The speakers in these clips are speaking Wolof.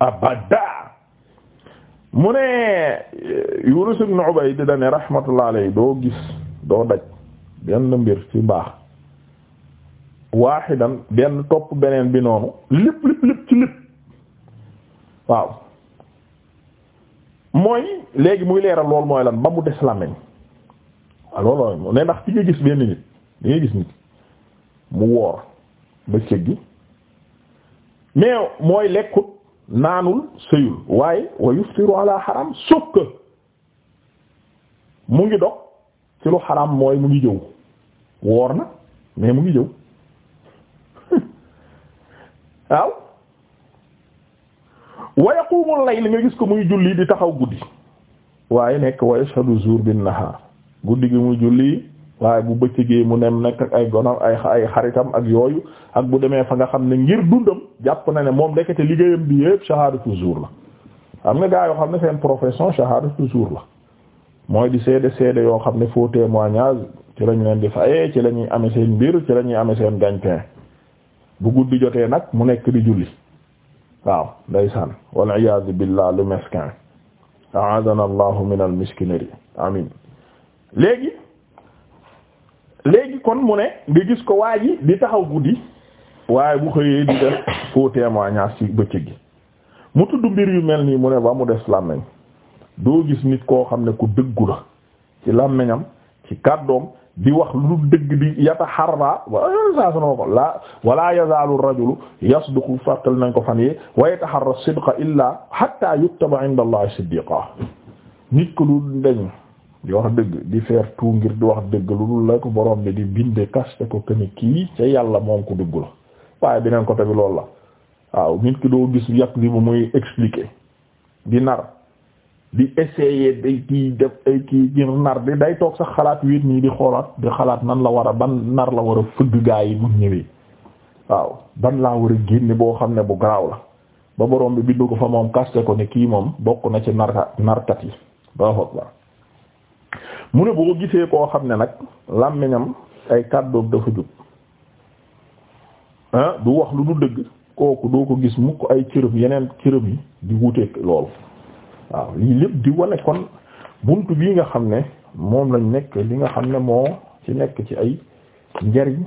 abada mu ne Yunus ibn Ubayd da ne rahmatullah alayhi doo gis doo daj benn mbir ci mbaax waaxidan benn topp beneen bi noonu lépp lépp lépp ci lépp waaw mooy léegi muy leeral lool mooy lan ba mu des làmmiñ looloo mu ne ndax ci nga gis benn nit di nga gis nit mu woor bëccëg gi mais mooy lekkut naanul sëyul waaye wa yuftiru xaram sukk mu ngi dog ci xaram mooy mu ngi jëw woor na mais mu ngi jëw waaw wa yaqumu layl nga gis ko muy julli di taxaw guddi waaye nekk wa yashhadu zuur bin nahaar guddi gi muy julli waaye bu bëccëgee mu nem nekk ay gonam ay ay xaritam ak yooyu ak bu demee fa nga xam ne ngir dundam jàpp na ne moom ndekete liggéeyam bi yëpp shahadatu zuur la am nga gaa yoo xam ne seen profession shahadatu zuur la mooy di seede seede yoo xam ne faux témoignage ci lañ leen di fayee ci la ñuy amee seen mbir ci la ñuy amee seen gagne-pain bu guddi jotee nag mu nekk di julli waaw ndeysaan wal iyaadu billah lu meskin a'adana allahu min al miskinerie amin léegi kon mu ne nga gis ko waaj ji di taxaw guddi waaye bu xëyee di def faux témoignage ci bëccëg gi mu tudd mbir yu mel nii mu ne ba mu des làmmeñ doo gis nit koo xam ne ku dëggu la ci làmmeñam ci kàddoom di wax lu dëgg di yata xarra saa su ko la wala yazaalu rajulu yasduqu fàttal nañ ko fan yi wa yataxarra sidqa illa hatta yuktaba inda allahi nit ko lu dañ di wax dëgg di faire tout ngir di wax dëgg lu dul la ko borom bi di binde kaste ko këni kii se yàlla moom ko dëggu la waaye beneen côté bi loolu la waaw nit ki doo gis yàq li bu muy expliquer di nar di essayer day kii def ay kii nar di day toog sax xalaat wéet nii di xoolaat di xalaat nan la war a ban nar la war a fëgg gaa yi mu ñëwee waaw ban laa war a génne boo xam ne bu garaaw la ba borom bi bind ko fa moom kaste ko ne kii moom bokk na ci narka narkat yi mu ne boo gisee koo xam ne nag làmmiñam ay kàddoom dafa jub ah du wax lu du dëgg kooku doo ko gis mukk ay cërëm yeneen cërëm yi di wuteek loolu waaw lii lépp di wane kon bunt bii nga xam ne moom lañ nekk li nga xam ne moo ci nekk ci ay njariñ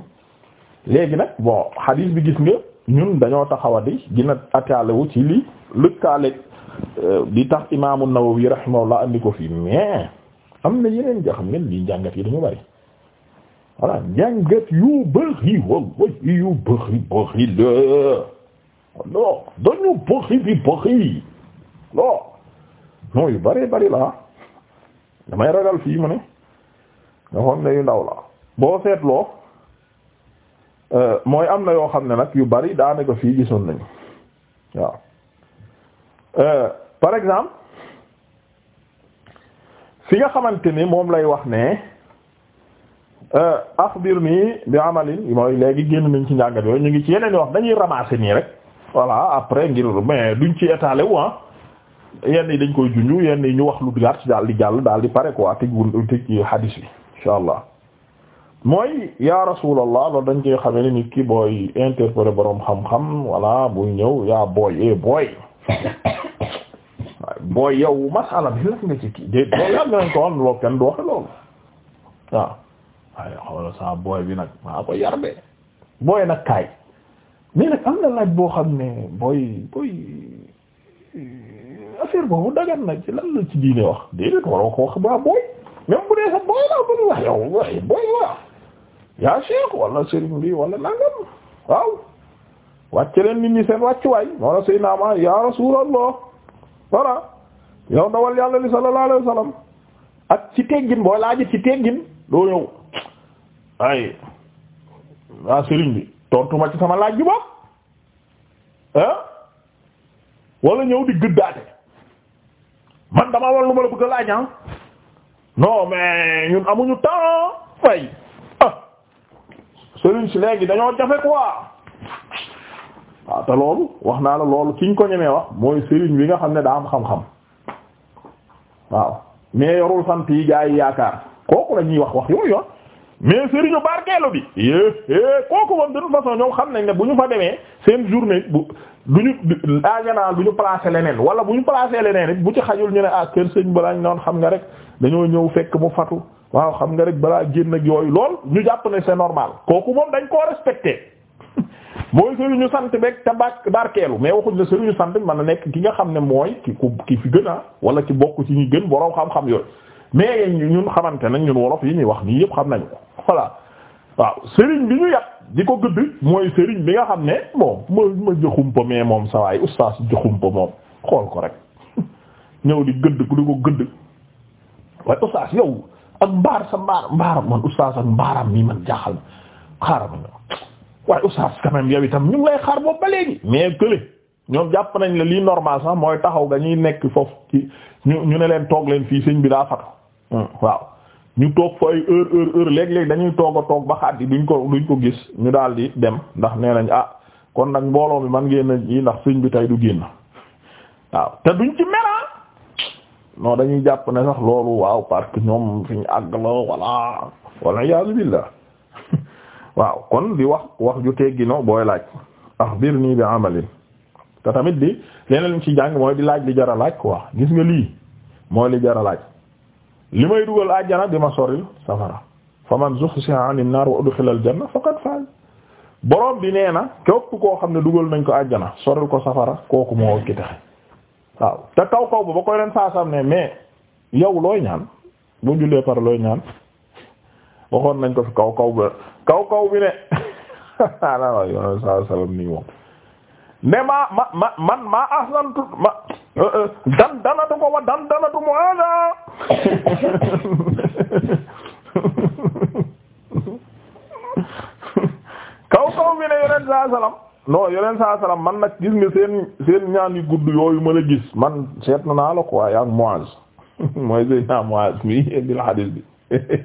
léegi nag bon xadiis bi gis nga ñun dañoo taxawa di gina ataalewu ci li lëkkaale euh, di tax imaamu Nawawi rahimahullah andi ko fii mais am na yeneen ja xam ngeen lii njàngat yi dañu bari voilà njàngat yu bëri wallahi yu bëri bëri la non dañu bëri bi bëri non non yu bari bari la damay ragal fii mu ne nga xam ne yu ndaw la boo seetloo euh, mooy am na yoo xam ne nag yu bari daanaka fii gisoon nañu waaw euh, par exemple fi nga xamante ni moom lay wax ne euh, axbir nii bi amalin mooy léegi génn nañ ci njàngat yooyu ñu ngi ci yeneen yoo wax dañuy ramasser nii rek voilà après ngir mais duñ ci étaler wu ah. yenn yi dañ koy junju yenn yi ñu wax lu gàtt daal di jàll daal di pare quoi tëj wu tëj hadis bi insha allah mooy yaa rasulallah loolu dañ koy xamee ni nit ki booy interpréter boroom xam-xam voilà buy ñëw yaa booy eh booy mooy yow masala bi lan nga ci kii dé loolu yàgg nañ ko loolu kenn loolu waaw waaye xoola sa booy bi nag maa ko yar de booy nag kaay mais nag am na laaj boo xam ne booy booy eh, affaire boobu dagan na ci lan la ci diine di déedéet ko wax ba booy même bu dee sax booy la bu wax yow waxe booy waa yaa cheikh wala sëriñ bi wala nangam waaw wàcce leen nit ñi seen wàccuwaay wala sëy ya rasulallah voilà yow ndawal yàlla ni sallallahu alayhi wa sallam ak ci teggin booy laaj ci teggin doo yow ay waa sëriñ bi tontuma ci sama laaj bi bopp ah wala ñëw di gëddaate man dama war ma la bëgg a laaj ah non mais ñun amuñu temps fay ah sëriñ si léegi dañoo jafe quoi waaw ah, loolu wax naa la loolu ki ñu ko ñemee wax mooy sëriñ bi nga xam ne daa am xam-xam waaw mais yorul sant yi gaa yi yaakaar kooku la ñuy wax wax yooyu yoon mais sëriñu barkeelu bi é eh, eh, kooku moom de toute façon ñoom xam nañ ne bu ñu fa demee seen journée bu du duñu en général du ñu placé leneen wala bu ñu placé leneen it bu ci xajul ñu ne ah kër sëñ balaañ noon xam nga rek dañoo ñëw fekk mu fatu waaw xam nga rek balaa génn ak lool ñu jàpp ne c'est normal kooku moom dañ koo respecté mooy sëriñu sant beeg te ba barkeelu mais waxuñ ne sëriñu sant mën a nekk ki nga xam ne mooy ki ku ki fi gën a wala ci bokk ci ñi gën boroom xam-xam yooyu mais ñun xamante nañ ñun wolof yi ñuy wax nii yëpp xam nañ ko voilà waaw sëriñ bi ñu yàq di ko gëdd mooy sëriñ bi nga xam ne bon ma ma joxumpa mais moom sa waay oustaz joxumpa moom xool ko rek ñëw di gëdd ku di ko gëdd waaye oustaz yow ak mbaar sa mbaar mbaaram man oustaz ak mbaaram nii man jaaxal na xaaral ma waaye oustaz quand même itam ñu lay xaar boobu léegi mais kële ñoom jàpp nañ la lii normal sax mooy taxaw ga ñuy nekk foofu ci ñu ñu ne leen toog leen fii sëñ bi daa fatu hmm, waaw ñu toog fa ay heure heure heure léeg dañuy toog a toog ba xaddi duñ ko duñ ko gis ñu daal di dem ndax nee nañ ah kon nag mbooloo mi man ngeen a yi ndax sëñ bi tey du génn waaw te duñ ci meraa ah. non dañuy jàpp ne sax loolu waaw parce ñoom fi àgg la voilà wala yaasu billah waaw kon di wax wax ju teggino booy laaj axbirnii bi amalin te tamit di leneen ci jàng mooy di laaj li jar a laaj quoi gis nga lii mooy li jar a laaj li may dugal àjjana di ma soril safara fa man zuhziha anin naar wa udxila al janna faqad faaz borom bi nee na képp koo xam ne dugal nañ ko àjjana soril ko safara kooku moo ki taxe waaw te kaw kaw ba ba koy leen faasam ne mais yow looy ñaan boo jullee par looy ñaan waxoon nañ ko fi kaw kaw ba kaw kaw bi ne alaala yoon saa salaam nii moom ne maa ma ma man maa ahsantu ma euh, euh, dan danatu ko wa dan danatu mu ada kaw kaw bi ne yoneen saa salaam non yoneen saa salaam man nag gis nga seen seen ñaan yu gudd yooyu ma gis man seetlu naa la ko waaye ak Muaz mooy seen ñaan Muaz mi bil hadith bi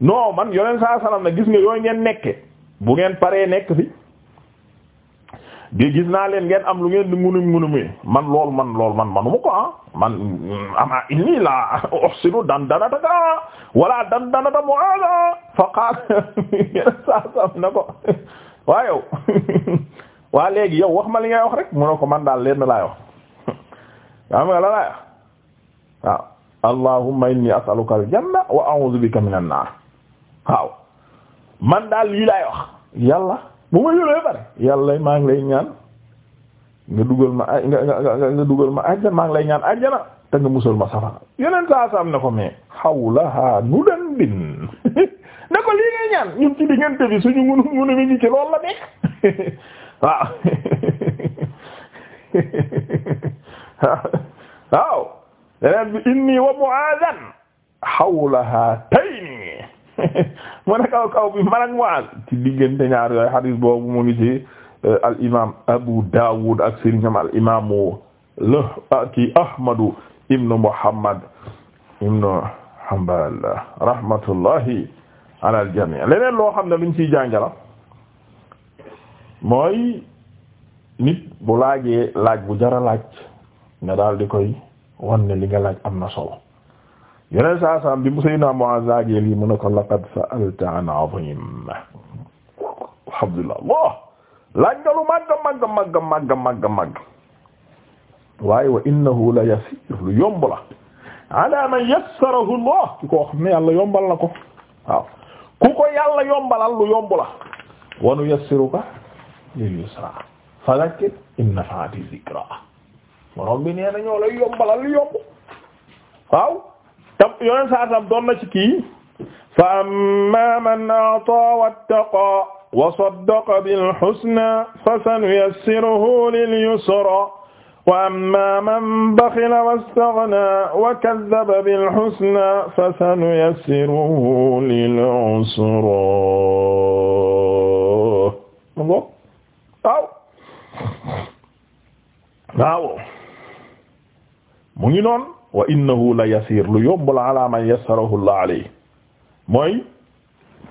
no man yoneen saa salaam na gis nga yooyu ngeen nekke bu ngeen paree nekk fi gis naa leen ngeen am lu ngeen di ngunum ngunumee man lool man lool man manuma ko ah man mm, ama inni la uhsinu dandanata ka wala dandanata mu'aza fa qaal na ko waa yow waa léegi yow wax ma li ngay wax rek mu ne ko man daal leen laa wax xam nga la laay allahumma inni as'aluka al wa a'udhu bika minan nar waaw man daal lii laay wax yàlla bu ma yóbee pare yàlla maa ngi lay ñaan nga dugal ma nga nga nga dugal ma àjjana maa ngi lay ñaan ay te nga musal ma safara yeneen saa saam ne ko mais hawlaha nudanbin ne ko lii ngay ñaan ñun ci diggante bi suñu munu munu mi ngi ci loolu la nekk waaw waaw yeneen bi inni wa mu'adhan hawlaha tayni mu ne kaw kaw bi man ak Mu'aaz ci diggante ñaar yooyu xadis boobu mu ngi ci euh, al imaam Abu Daawud ak sëriñam al imaamu la ah, ki Ahmadu ibnu Muhammad ibnu Hanbal rahmatullahi ala al jamii leneen loo xam ne luñ ciy jàngala mooy nit bu laajee laaj bu jara laaj nga daal di koy wan ne li nga laaj am na solo yeneen saa saam bi mu Seydina Muaz zaagee lii mu ne ko laqad sa'alta an azim alhamdulillah Allah laaj nga lu màgg màgg màgg màgg màgg màgg waaye wa innahu la yasiir lu yomb la ala man yassarahu Allah ki koo xam ne yàlla yombal na ko waaw ku ko yàlla yombalal lu yomb la wa nuyassiruka lil yusra fadhakkir in nafa'ati dhikra borom bi nee na ñoo lay yombalal lu yomb waaw tam yoneen saa sam doon na ci kii fa amma man a'ta wattaqa wa saddaqa bil husna fa sanuyassiruhu lil yusra wa amma man bakhila wastaghna wa kazzaba bil husna fa sanuyassiruhu lil usra waaw waaw mu ngi noonu wa innahu la yasiir lu yomb la ala man yassarahu Allah alayhi mooy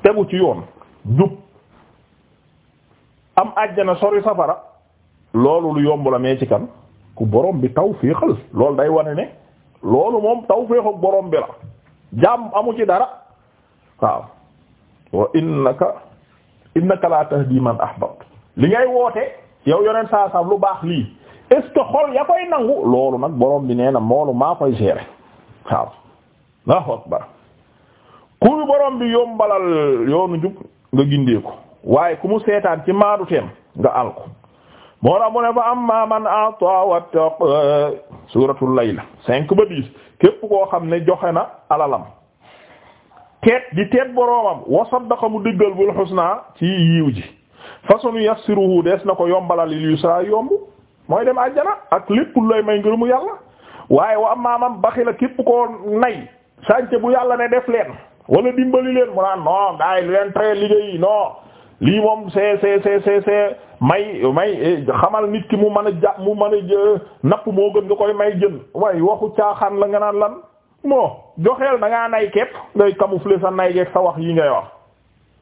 tegu ci yoon jub am àjjana sori safara loolu lu yomb la mee ci kan ku borom bi tawfiixal loolu day wane ne loolu moom tawfiixu borom bi la ci dara waaw wa innaka innaka la tahdi man ahbabta li ngay woote yow yoneen saa lu baax lii est-ce xol ya koy nangu loolu nag borom bi nee na moolu maa koy gérer waaw Allahu bi yombalal yoonu njub nga gindee ko waaye ku mu seetaan ci maadu teem nga al ko moo tax mu ne fa amma man a'ta wattaqa suuratul layla cinq ba dix képp koo xam ne joxe na alalam teet di teet boroomam wa saddaqa mu dëggal bul husna ci yiiw ji fa sunu yassiruhu des na ko yombalal lil yusra yomb mooy dem àjjana ak lépp lay may ngërëmu yàlla waaye wa maamam baxila képp ko nay sànce bu yàlla ne def leen wala dimbali leen mu naan non gars leen traité liggéey non lii moom c'est c'est c'est c'est may may xamal nit ki mu mën a jàpp mu mën a napp moo gën nga koy may jën waaye waxu caaxaan la nga naan lan moo joxeel da ngaa nay képp ngay camoufler sa nay geeg sa wax yi ngay wax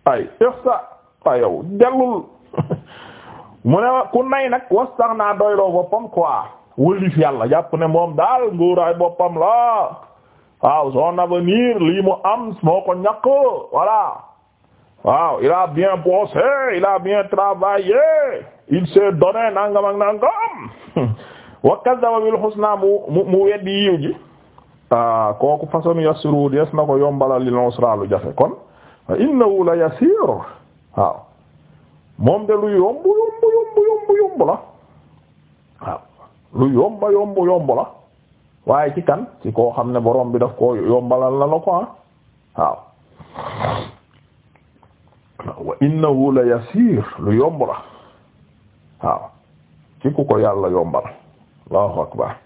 ay yox sa yow jallul mu ne ku nay nag wastax naa doyloo boppam quoi wëlif yàlla jàpp ne moom daal nguuraay boppam la waaw son avenir lii mu am moo ko ñàkk voilà waaw il a bien bossé il a il s'est nangam ak nangam wa kazzaba bil husna mu mu mu weddi yiw ji ah kooku façon yasiru des na ko yombalal lil usra lu jafe kon innahu la yasir waaw moom de lu yomb yomb yomb yomb yomb la waaw lu yomba yomb yomb la waaye ci kan ci koo xam ne borom bi daf koo yombalal la la ko ah. waaw wa innahu la yasiir lu yomb la waaw ci ku ko yàlla yombal allahu akbar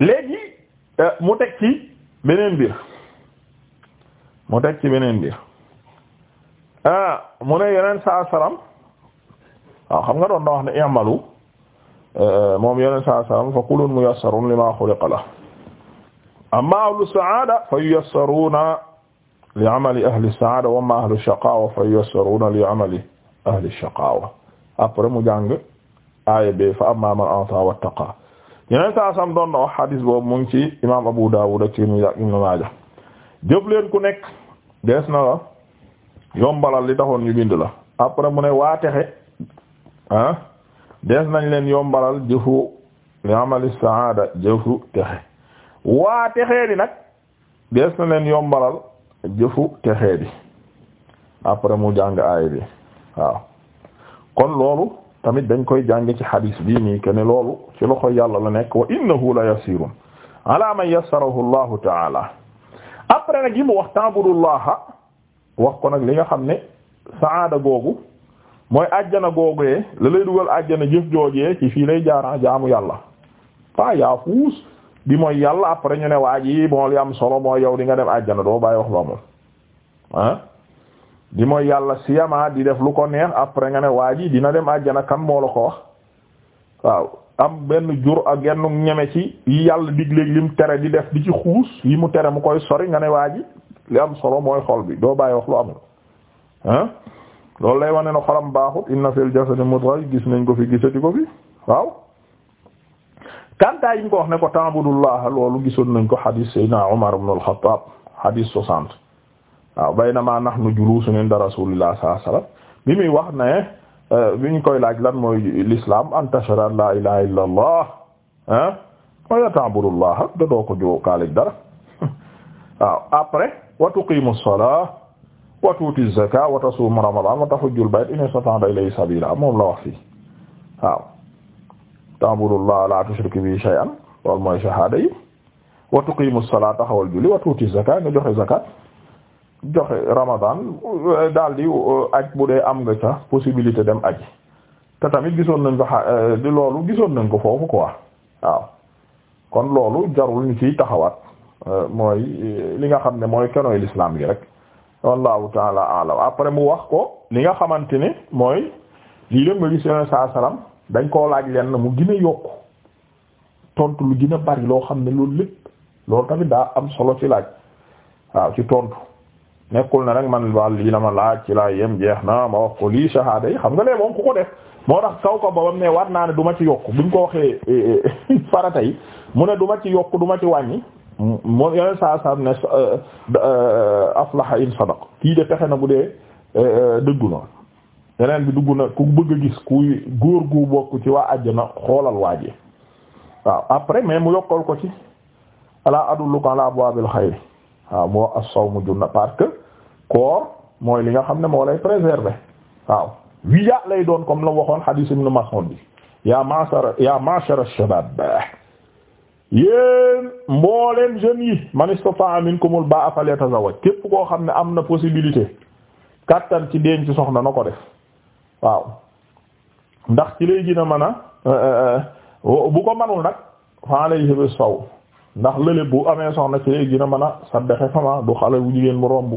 léegi eh, mu teg ci beneen biir mu teg ci beneen biir ah mu ne yeneen saa salaam waaw xam nga doon na wax ne i'malu eh, moom yeneen saa salaam fa kullun muyassarun lima xuliqa la amma ahlu saada fa yuyassaruna li amali ahli saada wa amma ahlu shaqaawa fa yuyassaruna li amali ahli shaqaawa après mu jàng aaya bi fa amma man a'taa wattaqaa yeneen saa salaam doon na wax hadis boobu mu ngi ci imaam Abu Daawud ak Ibn Maaja jëf leen ku nekk des na la. yombalal li taxoon ñu bind la après mu ne waa texe ah des nañ leen yombalal jëfu li amali saada jëfu texe waa texee di nag des na leen yombalal jëfu texee di après mu jàng aay bi waaw kon loolu tamit dañ koy jàng ci hadis bii nii loolu ci loxo yàlla la nekk wa innahu la yasirun ala man yassarahu taala après nag yi mu wax wax ko nag li nga xam ne aada googu mooy àjjana googu yee la lay dugal àjjana jëf joojee ci fii lay jaara ah jaamu yàlla paa yaa fuus di mooy yàlla après ñu ne waa ji bon li am solo mooy yow di nga dem àjjana doo bàyyi wax loo amul ah? di mooy yàlla siyama di def lu ko neex après nga ne waa ji dina dem àjjana kan moo la ko wax waaw am benn jur ak genn ñeme ci yi yàlla digleeg lim tere di def di ci xuus yi mu tere mu koy sori nga ne waa ji li am solo mooy xool bi doo bàyyi wax lu amul ah loolu lay wane ne xolam baaxut inna fil jasadi mudghah gis nañ ko fi gisati ko fi waaw kantaa yi ñu ko wax ne ko ta'budullah loolu gisoon nañ ko xadiis sayyidina Umar ibn al-Khattab xadiis soixante waaw baynama nahnu julusun inda rasulillah sallallahu alayhi wasallam bi muy wax ne euh, bi ñu koy laaj lan mooy l'islam an tashhada an la ilaha illa allah ah wa doo ko jookaale dara waaw wa tuqimu as-salata wa tu'ti az-zakata wa tasumu ramadan wa tahujjul bayta in istata'ta ilayhi sabila moom la wax fii waaw ta'budullaha la tushriku bihi shay'an loolu mooy shahada yi wa tuqimu as-salata taxawal julli wa tu'ti nga joxe zakat joxe ramadan daal di uh, aj bu dee am nga ca possibilité dem aji te tamit gisoon nañ ko uh, di loolu gisoon nañ ko foofu quoi waaw kon loolu jarul ñu ciy taxawaat Euh, mooy li nga xam ne mooy kenooy l'islam gi rek wallahu taala alam après mu wax ko li nga xamante ne mooy lii lépp ma gis yoneen saa salaam dañ koo laaj na mu gën yokk tontu lu gën a bari loo xam ne loolu lépp loolu tamit daa am solo ci laaj waaw ci tontu nekkul na rek man wàll lii la ma laaj ci laa yem jeex na ma wax ko lii shahada yi xam nga lee moom ku ko def moo tax kaw ko babam ne war naa ne du ma ci yokk buñ ko waxee eh, eh, farata yi mu ne du ma ci yokk du ma ci wàññi moom yeneen saa saa ne euh, euh, aflaha in sadaq kii de texe na bu dee euh, dëggu na yeneen bi dugg na ku bëgg a gis kuy góor gu bokk ci waa àjjana xoolal waaje waaw après mais mu yokkal ko ci ala adulluka ala abwabil xayr waaw moo as-sawmu junna parce koor mooy li nga xam ne moo lay préserver waaw wiya lay doon comme la waxoon hadith ibn Mas'ud bi yaa ma'shar yaa ma'shar ash yéen mbooleem jeunes yi man istata'a minkumul ba'a falyatazawwaj képp koo xam ne am na possibilité kàttan ci denc soxna na ko def waaw ndax ci lay gina a mën euh, euh, euh, bu ko manul nag fa lay bi saw ndax lële bu amee soxna ci lay gën a mën a saddaxe fama du xale bu jigéen bu romb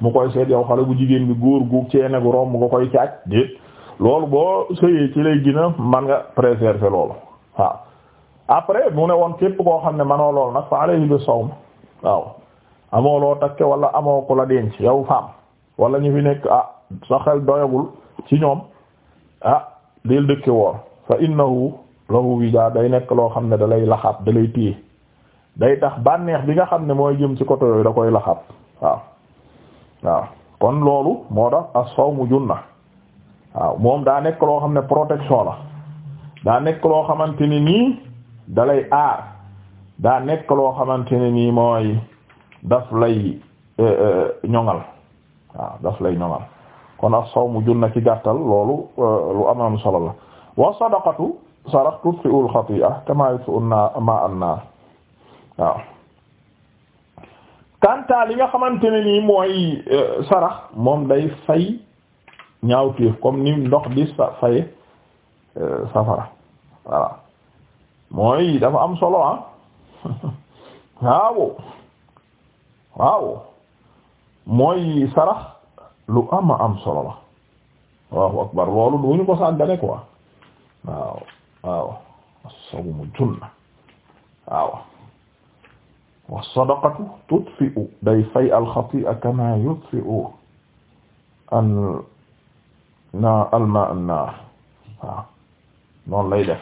mu koy seet yow xale bu jigéen bi góor gu ceene gu romb nga koy caaj déet loolu boo sëyee ci lay gën man nga préserver loolu waaw après mu ne woon képp koo xam ne manoo lool nag fa alayhi bi sawm waaw amoo loo takke wala amoo ko la denc yow faam wala ñu fi nekk ah sa xel doyagul ci ñoom ah deel dëkke woor fa innahu lahu day nekk loo xam ne da lay laxaat dalay lay téye day tax bànneex bi nga xam ne mooy jëm ci côté yooyu da koy laxaat waaw waaw kon loolu moo tax as-sawmu junna waaw moom daa nekk loo xam ne protection la daa nekk loo xamante ni nii dalay aar daa nekk loo xamante ne nii mooy daf lay eh, eh, ñoŋal waaw daf lay ñoŋal kon as-sawmu junna ki gàttal loolu eh, lu am am solo la wa sadaqatu sarax tutfi'u al-khati'a kama yutfi'u ma'a an-nar waaw kanta li nga xamante ne nii mooy sarax moom day fay ñaawteef comme ni ndox di sa faye safara voilà mooy dafa am solo ah waaw waaw mooy sarax lu ama am solo la Allahu akbar loolu du ñu ko sàggane quoi waaw waaw as-sawmu junna waaw was-sadaqatu tudfi'u day fay al-khati'a kama yudfi'u an na alma an naar waaw noonu lay def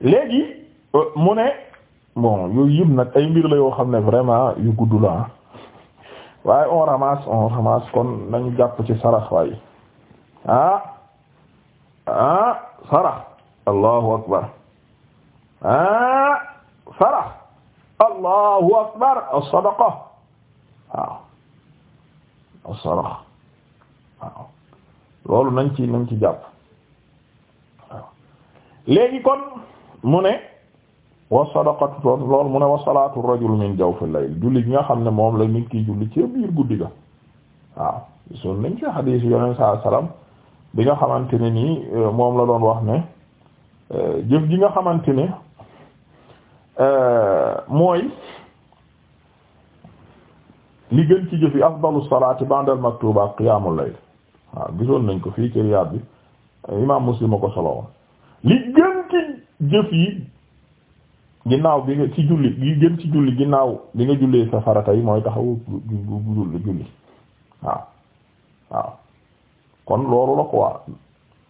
léegi euh, mu ne bon yooyu yëpp nag ay mbir la yoo xam ne vraiment yu gudd la waaye on ramasse on ramasse kon nañu jàpp ci sarax waaye ah ah sarax allahu akbar ah sarax allahu akbar as-sadaqa waaw as-sadaqa waaw loolu nañ ci nañ ci jàpp waaw léegi kon mu ne wa sadaqatu toon loolu mu ne wa salaatu rajul min jawfil layl julli gi nga xam ne moom la nit ki julli ci biir guddi ga waaw gisoon nañ salaam bi nga xamante ne nii euh, moom la doon wax ne euh, jëf ji nga xamante ne euh, mooy li gën ci jëf yi afdalu salaati ba'dal maktuba qiyaamul layl waaw nañ ko fii ci Riyaad bi imaam Muslim a solo woon li gën jëf yi ginnaaw bi nga ci julli yi gën ci julli ginnaaw bi nga jullee sa farata yi mooy taxawu julli julli waaw waaw kon loolu la quoi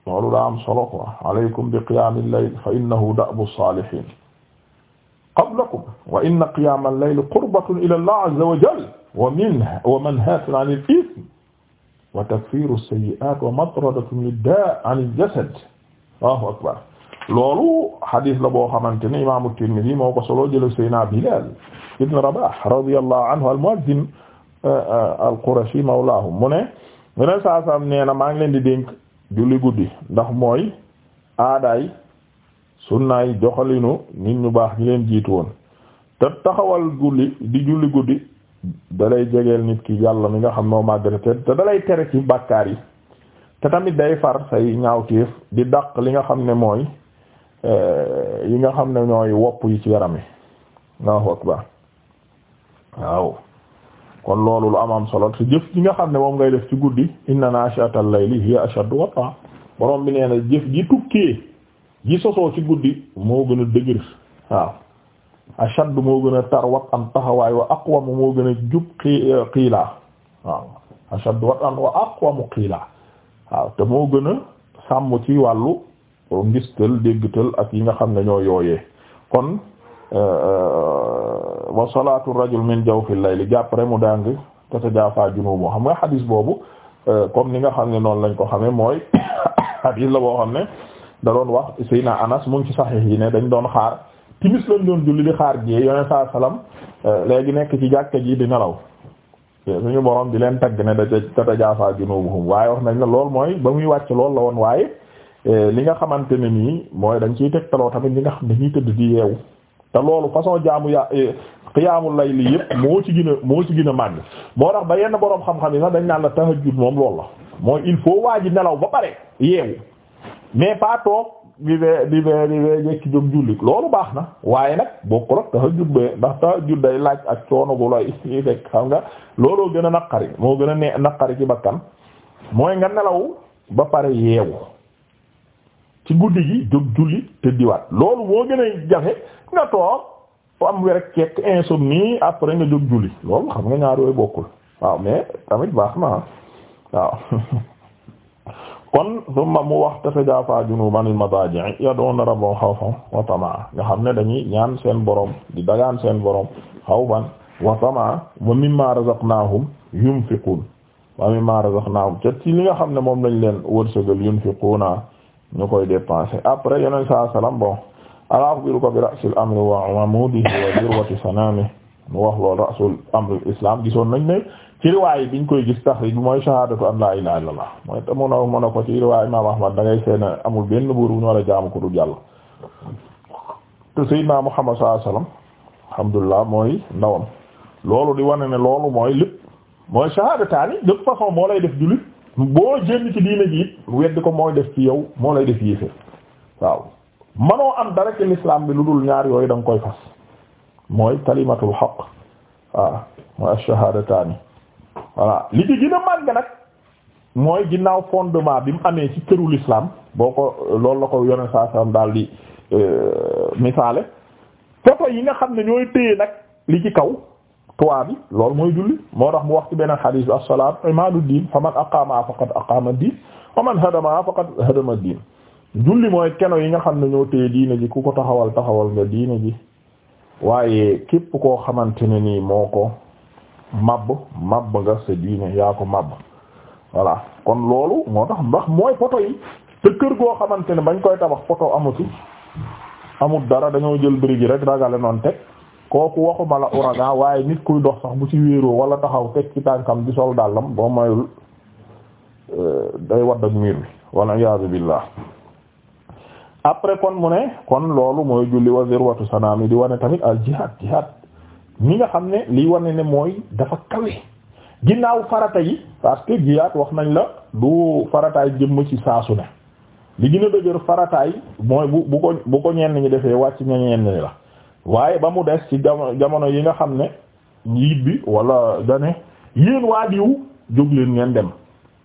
loolu daa am solo quoi alaykum bi qiyaamil layl fa innahu da'bu saalihiin qablakum wa inna qiyaamal layli qurbatun ila Allah azza wa jalla wa minhu wa manhaatun 'anil ithm wa takfiirus sayyi'aati wa matradatun lid-daa'i 'anil jasad Allahu akbar loolu hadith la boo xamante ne imaamu Tirmidhi moo ko solo jële Seydina Bilal ibn Rabah radiyallahu anhu al-mu'azzin euh, euh, al mu ne yeneen saa saa nee na maa ngi leen di dénk julli guddi ndax mooy aadaay sunnaay joxalinu nit ñu baax ñi leen jiitu woon te taxawal julli di julli guddi dalay jegeel nit ki yàlla mi nga xam noo màggate te dalay tere ci bakkaar yi te tamit day far say ñaawteef di daq li nga xam ne mooy yi nga xam ne ñooy wopp yi ci yaram yi Allahu akbar waaw kon loolu lu am am solo te jëf ji nga xam ne moom ngay def ci guddi inna naashi'atal layli hiya ashaddu wat'a borom bi nee jëf ji tukkee ji sosoo ci guddi moo gën a dëgër waaw ashaddu moo gën a tar wat'an taxawaay wa aqwamu moo gën a jub qiilaa waaw ashaddu wat'an wa aqwamu qiilaa waaw te moo gën a sàmm ci wàllu ngistal déggtal ak yi nga xam ne ñoo yooyee kon euh, euh, wa salatu rajul min jawfil layli jàpp rek mu dang tatajaafaa junubu xam nga xadis boobu euh, comme ni nga xam ne noonu lañ ko xamee mooy xadis la boo xam ne da doon wax Seydina Anas mu ngi ci saxiix yi ne dañ doon xaar timis lañ doon julli di xaar jiyee yoneen saa salaam léegi nekk ci jàkka ji di nelaw suñu borom di leen tagg ne da tatajaafaa junubuhum waaye wax nañ la lool mooy ba muy wàcc lool la woon waaye Eh, li nga xamante ne nii mooy dañ ciy tegtaloo tamit li nga xam dañuy tëdd di yeewu te loolu façon jaamu ya eh, qiyaamul layli yëpp moo ci gën a moo ci gën a màgg moo tax ba yenn boroom xam-xam yi sax dañ naan la tahajjud moom loolu la mooy waa ji nelaw ba pare yeewu mais di wee di wee di wee jekki baax na waaye nag bokk ak tahajjud bee ndax tahajjud day laaj ak coono gu lay fekk xam nga looloo gën a naqari moo gën a ne naqari ci bakkan mooy nga nelaw ba pare yeewu ci guddi gi jóg julli te diwaat loolu boo gën a jafe nga toog am wér ak ceeb insomnie après nga jóg julli loolu xam nga ñaar yooyu bokkul waaw mais tamit baax na ah. waaw kon summa mu wax tatajaafa junuubuhum anil madaaji'i yad'uuna rabbahum xawfan wa tamaa nga xam ne dañuy ñaan seen borom di dagaan seen borom ma wa tamaa wa mimmaa razaqnaahum yunfiquun wa mimmaa razaqnaahum ca ci li nga xam ne moom lañ leen wërsëgal yunfiquuna ñu koy dépenser après yeneen saa salaam bon ala akhbiruka bi ra'sil amri wa amudihi wa dirwati sanamihi mu wax loolu ra'sul amri islam gisoon nañ ne ci riwaay biñ koy gis taxrij bi mooy shahadatu an la ilaha mooy te mun a mën a ko ci riwaay imam ahmad da ngay amul benn buur bu ñu war a jaamu ko du jàll te sayyidina muhammad sallallahu alayhi wasallam alhamdulillah mooy ndawam loolu di wane ne loolu mooy lépp mooy shahadataani de façon moo lay def jullit boo génn ci diine ji it ko mooy def ci yow moo lay def yéeféer waaw manoo am dara ci l'islam bi lu dul ñaar yooyu da nga koy fas mooy kalimatul haqq waaw mooy ash-shahadataani li ci gën a nag mooy ginnaaw fondement bi mu amee ci këru l'islam boo ko loolu la ko yoneen saa salam daal di euh, misaale poto yi nga xam ne ñooy téye nag li ci kaw toit bi loolu mooy julli moo tax mu wax ci beneen xadiis bi as-salaatu imaadu diin fa man aqaama faqad aqaama diin wa man hadama faqad hadama diin julli mooy keno yi nga xam ne ñoo téye diine ji ku ko taxawal taxawal nga diine ji waaye képp koo xamante ne nii moo ko mabb mabb nga sa diine yaa ko mabb voilà kon loolu moo tax ndax mooy poto yi te kër goo xamante ne bañ koy tabax footo amu ci dara dañoo jël brique yi rek ragale noonu teg kooku waxuma la ouragan waaye nit kuy dox sax bu ci wéeroo wala taxaw teg ci tànkam di sol dàllam boo mayul euh, day wadd ak miir bi wala iyaazu billah après kon mu ne kon loolu mooy julli wa sanaam yi di wane tamit al jihad jihad ñi nga xam ne liy wane ne mooy dafa kawe ginnaaw farata yi parce que jihaad wax nañ la du farataay jëmm ci saasu ne li gën a dëgër farataay mooy bu bu ko bu ko ñenn ñi defee wàcc ña ñenn ñi la waaye ba mu des ci jamono yi nga xam ne njiit bi wala dane yéen waa diw jóg leen ngeen dem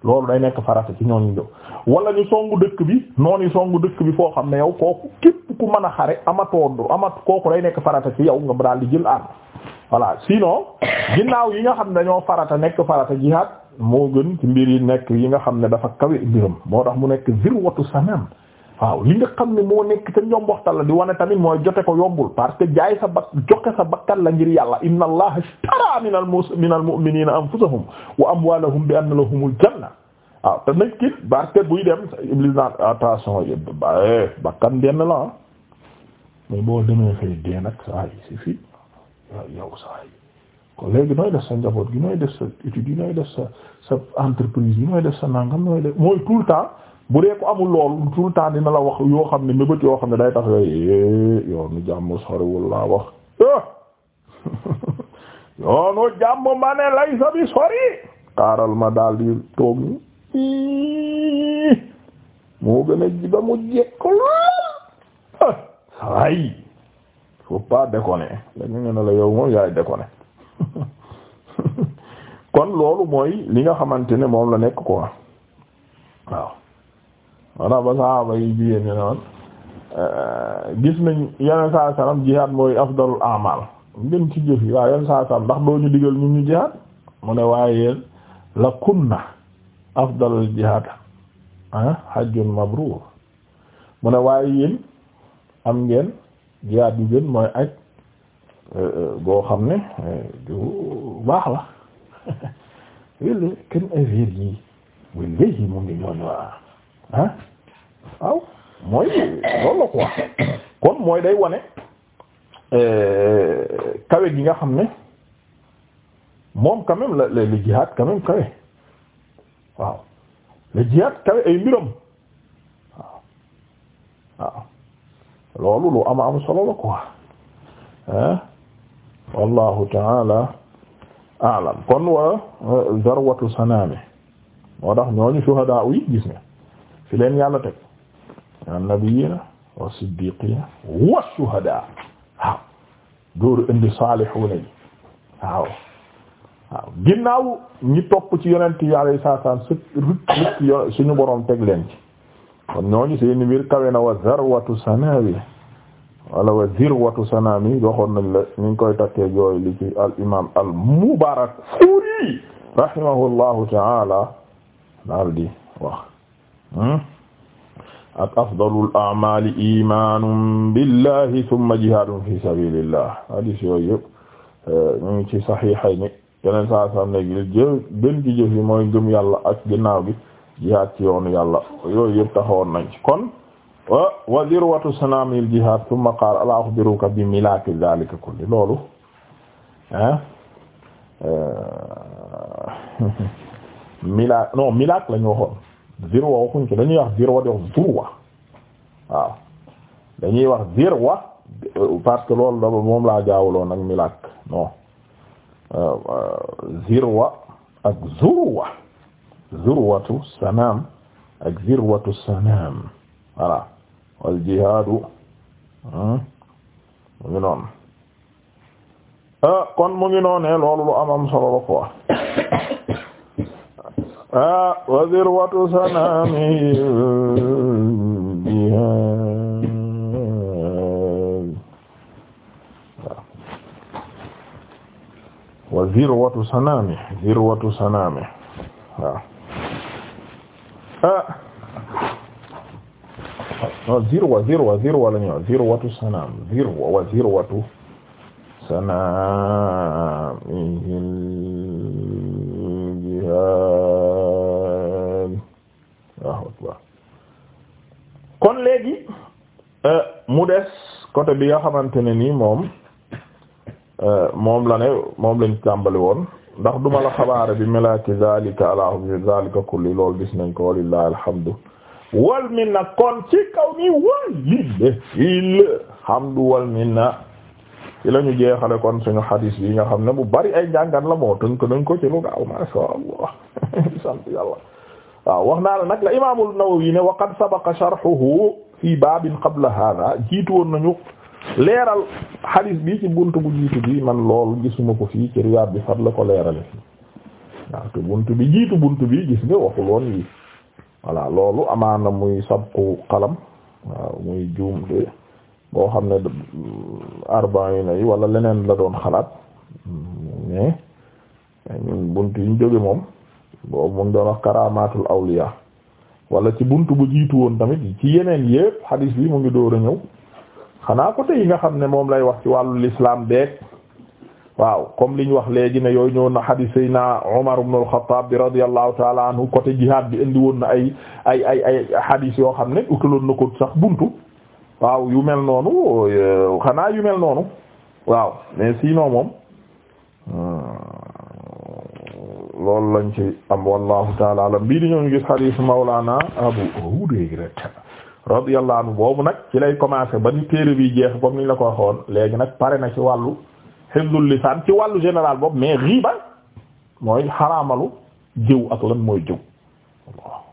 loolu day nekk farata ci ñooñu jóg wala ñu songu dëkk bi noonu songu dëkk bi foo xam ne yow kooku képp ku mën a xare amatood amat kooku day nekk farata ci yow nga daal di jël arme voilà sinon ginnaaw yi nga xam ne dañoo farata nekk farata jihaad moo gën ci mbir yi nekk yi nga xam ne dafa kawe mbiram moo tax mu nekk zirwatu sanam waaw li nga xam ne moo nekk ca njomboxtal la di wane tamit mooy jote ko yombul parce jaay sa bakkan la ngir yàlla inna allaha ishtara minal minal mu'minina anfusahum wa amwalahum bi anna lahumul janna waaw te nag buy dem Iblis naan attention eh, bakkan benn la ah mais boo demee fay dee nag saa yi si fii yow saa yi kon léegi nooy def sa njaboot gi nooy def sa étude yi nooy def sa sa entreprise yi nooy def sa nangam nooy def mooy tout le temps bu dee ko amul loolu tout le la wax yoo xam ne mébét yoo xam ne day tax yooyu eh, yoonu jàmm soriwul laa wax eh! yoonu jàmm ma ne lay sa sori xaaral ma daal di toog nii moo gën a ji mu jekk lool eh! ay faut pas déconner dañu ne la yow moom yaay déconner kon loolu mooy li nga xamante ne moom la nekk quoi waaw wala ba saaba yi jigéen ñi noon eh, gis nañ yeneen saa salaam jihaad mooy afdalul amal ngeen ci jëf yi waaw yeneen saa salaam ndax doo ñu digal ñu ñu jihaad mu ne waaye yéen la kunna afdalul jihaad ah hajjun mabruur mu ne waaye yéen am ngeen jihaad yu gën mooy aj eh, boo xam ne du eh, baax la wéla kenn affaire yi wala yi moom ngi ñooñu waa ah mooy loolu la quoi kon mooy day wane euh, kawe gi nga xam ne moom quand même la le jihad quand kawe waaw le kawe ay mbiram loolu lu ama am solo la quoi ah wallahu taala aalam kon wa euh, zarwatu sanami moo tax ñooñu shuhadaa yi gis nga fi leen yàlla teg an nabiyina wa siddiqina wa shuhada waaw dooru indi saalihuuna yi waaw waaw ñi topp ci yonent yi alayhi salaam su rut borom teg leen ci kon ñooñu seeni mbir kawe na wa zarwatu sanawi wala wa zirwatu sanami waxoon nañ la ñu ngi koy takkee jooy li ci al imam al mubarak furi taala daal di Hmm? ak afdalul a'maali imaanun billahi thumma jihaadun fi sabilillah hadis yooyu yëpp eh, ñu ngi ci saxiixayni yeneen saa saa ne gi jël gën mooy gëm yàlla ak ginnaaw gi jihaad ci yoonu yàlla yooyu yëpp taxawoon kon wa dirwatu sanamil jihaad thumma qaala alaa ukhbiruka bi milaaki dhaalika kulli eh, milaak non milaak lañu waxoon zirwa waxuñ ko dañuy wax zirwa di wax zurwa waaw dañuy wax zirwa parce que loolu daba moom laa jaawuloon ak milak non euh, euh, zirwa ak zurwa zurwatu sanam ak zirwatu sanam voilà wal jihaadu hmm, mu ngi noonu euh, kon mu ngi noonee loolu lu am am solo ah wa zirwatu sanami biha wa zirwatu sanami zirwatu sanami waaw ah, ah. non zirwa zirwa zirwa la ñuy zirwatu sanam zirwa wa zirwatu sanami biha léegi euh, mu des côté bi nga xamante ne nii moom euh, moom la ne moom lañ tàmbali woon ndax duma la xabaare bi melaki zalika àlahu bi zalika kulli loolu gis nañ ko walillahi alhamdu wal minna kon ci kaw nii walillahi alhamdu wal minna ci la ñu jeexale kon suñu xadiis bi nga xam ne bu bari ay njàngan la moo tënk nañ ko ci lu gaaw ma sha Allah sant yàlla waaw wax naa la nag la imaamul Nawawi ne wa qad sabaqa sharhuhu fii baabin qabla hada jiitu woon nañu leeral hadis bi ci buntu bu jiitu bi man lool gisuma ko fii ci Riyaad bi fan la ko leerale fii waaw te buntu bi jiitu bunt bi gis nga waxul woon yi voilà loolu amaana muy sabqu qalam waaw muy juum de boo xam ne arbaina yi wala leneen la doon xalaat hmm, mais ñun buntu yi ñu jóge moom boobu mu ngi doon wax karamatul awliya wala ci buntu bu jiitu woon tamit ci yeneen yëpp hadis bi mu ngi door a ñëw xanaa côté yi nga xam ne moom lay wax ci wàllu lislaam beeg waaw comme liñ wax léegi ne yooyu ñëwoon na hadis sayna Umar ibn al-Khattab bi radiyallahu taala anhu côté jihad bi indi woon na ay ay ay ay hadis yoo xam ne utaloon na ko sax buntu waaw yu mel noonu xanaa yu mel noonu waaw mais sinon moom. Hmm. loolu lañ ci am wallahu taala alam bii di ñoo ñu gis hadith mawlana abu hurayra radiyallahu anhu boobu nag ci lay commencé ba ni téere bi jeex comme niñ la ko waxoon léegi nag pare na ci wàllu hifdul lisaan ci wàllu général boobu mais riba mooy xaraamalu jëw ak lan mooy jëw waaw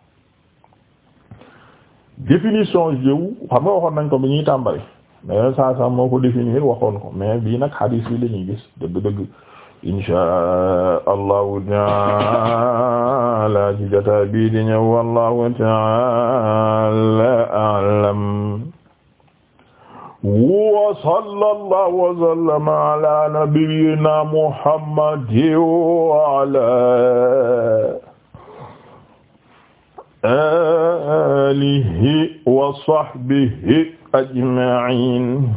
définition jëw xam nga waxoon nañ ko bi ñuy tàmbali mais saa saa moo ko définir waxoon ko mais bii nag hadith bi la gis dëgg-dëgg insha allahu taala ci jota bii di ñëw wallahu taala a'lam wa sallallahu wa sallama ala nabiyyina muhammadin wa ala alihi wa sahbihi ajma'in